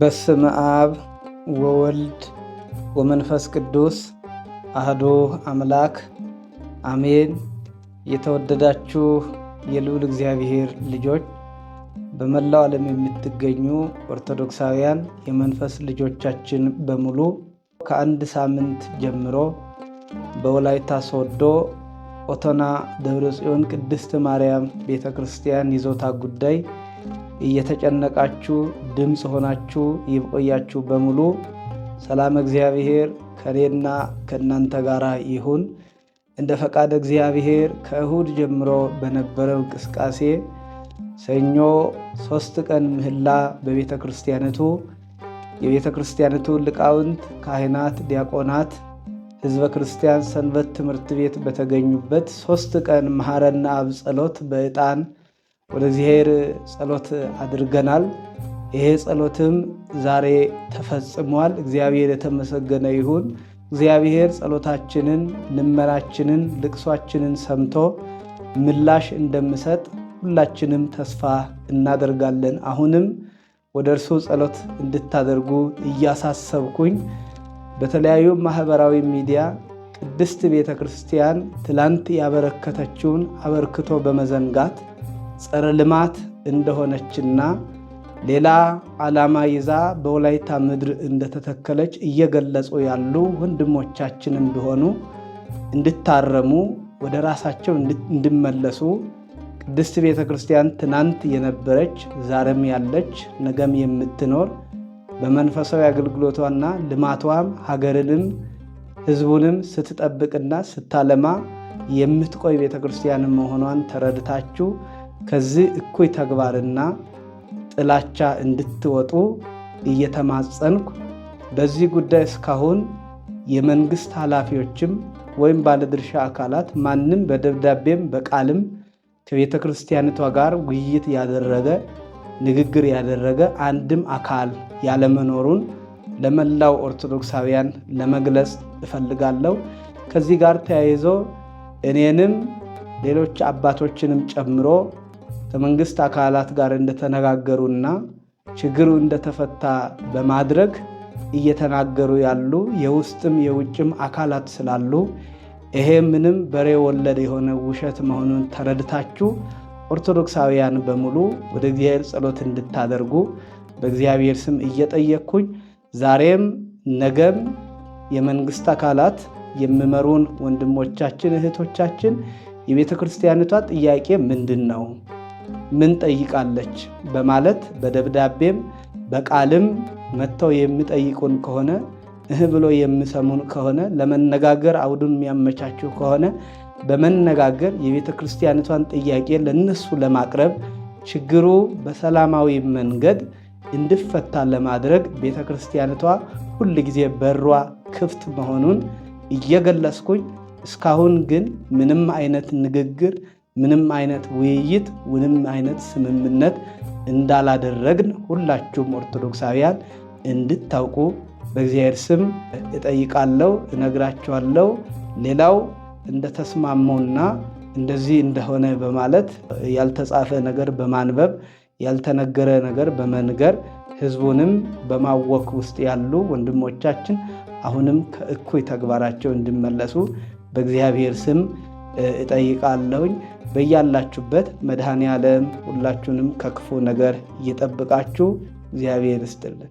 በስም አብ ወወልድ ወመንፈስ ቅዱስ አህዶ አምላክ አሜን። የተወደዳችሁ የልዑል እግዚአብሔር ልጆች በመላው ዓለም የምትገኙ ኦርቶዶክሳውያን የመንፈስ ልጆቻችን በሙሉ ከአንድ ሳምንት ጀምሮ በወላይታ ሶዶ ኦቶና ደብረ ጽዮን ቅድስት ማርያም ቤተ ክርስቲያን ይዞታ ጉዳይ እየተጨነቃችሁ ድምፅ ሆናችሁ ይቆያችሁ በሙሉ። ሰላም እግዚአብሔር ከኔና ከእናንተ ጋር ይሁን። እንደ ፈቃድ እግዚአብሔር ከእሁድ ጀምሮ በነበረው እንቅስቃሴ ሰኞ ሶስት ቀን ምህላ በቤተ ክርስቲያነቱ የቤተ ክርስቲያነቱ ሊቃውንት፣ ካህናት፣ ዲያቆናት፣ ህዝበ ክርስቲያን ሰንበት ትምህርት ቤት በተገኙበት ሶስት ቀን መሐረና አብ ጸሎት በዕጣን ወደ እግዚአብሔር ጸሎት አድርገናል። ይሄ ጸሎትም ዛሬ ተፈጽሟል። እግዚአብሔር የተመሰገነ ይሁን። እግዚአብሔር ጸሎታችንን፣ ልመናችንን፣ ልቅሷችንን ሰምቶ ምላሽ እንደምሰጥ ሁላችንም ተስፋ እናደርጋለን። አሁንም ወደ እርሱ ጸሎት እንድታደርጉ እያሳሰብኩኝ በተለያዩ ማህበራዊ ሚዲያ ቅድስት ቤተ ክርስቲያን ትላንት ያበረከተችውን አበርክቶ በመዘንጋት ጸረ ልማት እንደሆነችና ሌላ ዓላማ ይዛ በወላይታ ምድር እንደተተከለች እየገለጹ ያሉ ወንድሞቻችንም ቢሆኑ እንድታረሙ ወደ ራሳቸው እንዲመለሱ ቅድስት ቤተ ክርስቲያን ትናንት የነበረች ዛሬም ያለች ነገም የምትኖር በመንፈሳዊ አገልግሎቷና ልማቷም ሀገርንም ሕዝቡንም ስትጠብቅና ስታለማ የምትቆይ ቤተ ክርስቲያን መሆኗን ተረድታችሁ ከዚህ እኩይ ተግባርና ጥላቻ እንድትወጡ እየተማጸንኩ በዚህ ጉዳይ እስካሁን የመንግስት ኃላፊዎችም ወይም ባለድርሻ አካላት ማንም በደብዳቤም በቃልም ከቤተ ክርስቲያኒቷ ጋር ውይይት ያደረገ ንግግር ያደረገ አንድም አካል ያለመኖሩን ለመላው ኦርቶዶክሳውያን ለመግለጽ እፈልጋለሁ። ከዚህ ጋር ተያይዞ እኔንም ሌሎች አባቶችንም ጨምሮ ከመንግስት አካላት ጋር እንደተነጋገሩና ችግሩ እንደተፈታ በማድረግ እየተናገሩ ያሉ የውስጥም የውጭም አካላት ስላሉ ይሄ ምንም በሬ ወለድ የሆነ ውሸት መሆኑን ተረድታችሁ ኦርቶዶክሳውያን በሙሉ ወደ እግዚአብሔር ጸሎት እንድታደርጉ በእግዚአብሔር ስም እየጠየቅኩኝ ዛሬም ነገም የመንግስት አካላት የሚመሩን ወንድሞቻችን እህቶቻችን የቤተ ክርስቲያኒቷ ጥያቄ ምንድን ነው? ምን ጠይቃለች በማለት በደብዳቤም በቃልም መጥተው የሚጠይቁን ከሆነ እህ ብሎ የሚሰሙን ከሆነ ለመነጋገር አውዱን የሚያመቻችው ከሆነ በመነጋገር የቤተ ክርስቲያኒቷን ጥያቄ ለእነሱ ለማቅረብ ችግሩ በሰላማዊ መንገድ እንዲፈታ ለማድረግ ቤተ ክርስቲያኒቷ ሁል ጊዜ በሯ ክፍት መሆኑን እየገለጽኩኝ እስካሁን ግን ምንም አይነት ንግግር ምንም አይነት ውይይት ምንም አይነት ስምምነት እንዳላደረግን ሁላችሁም ኦርቶዶክሳውያን እንድታውቁ በእግዚአብሔር ስም እጠይቃለሁ፣ እነግራችኋለሁ። ሌላው እንደተስማመውና እንደዚህ እንደሆነ በማለት ያልተጻፈ ነገር በማንበብ ያልተነገረ ነገር በመንገር ሕዝቡንም በማወክ ውስጥ ያሉ ወንድሞቻችን አሁንም ከእኩይ ተግባራቸው እንዲመለሱ በእግዚአብሔር ስም እጠይቃለሁኝ። በያላችሁበት መድኃኔ ዓለም ሁላችሁንም ከክፉ ነገር እየጠበቃችሁ እግዚአብሔር ይስጥልን።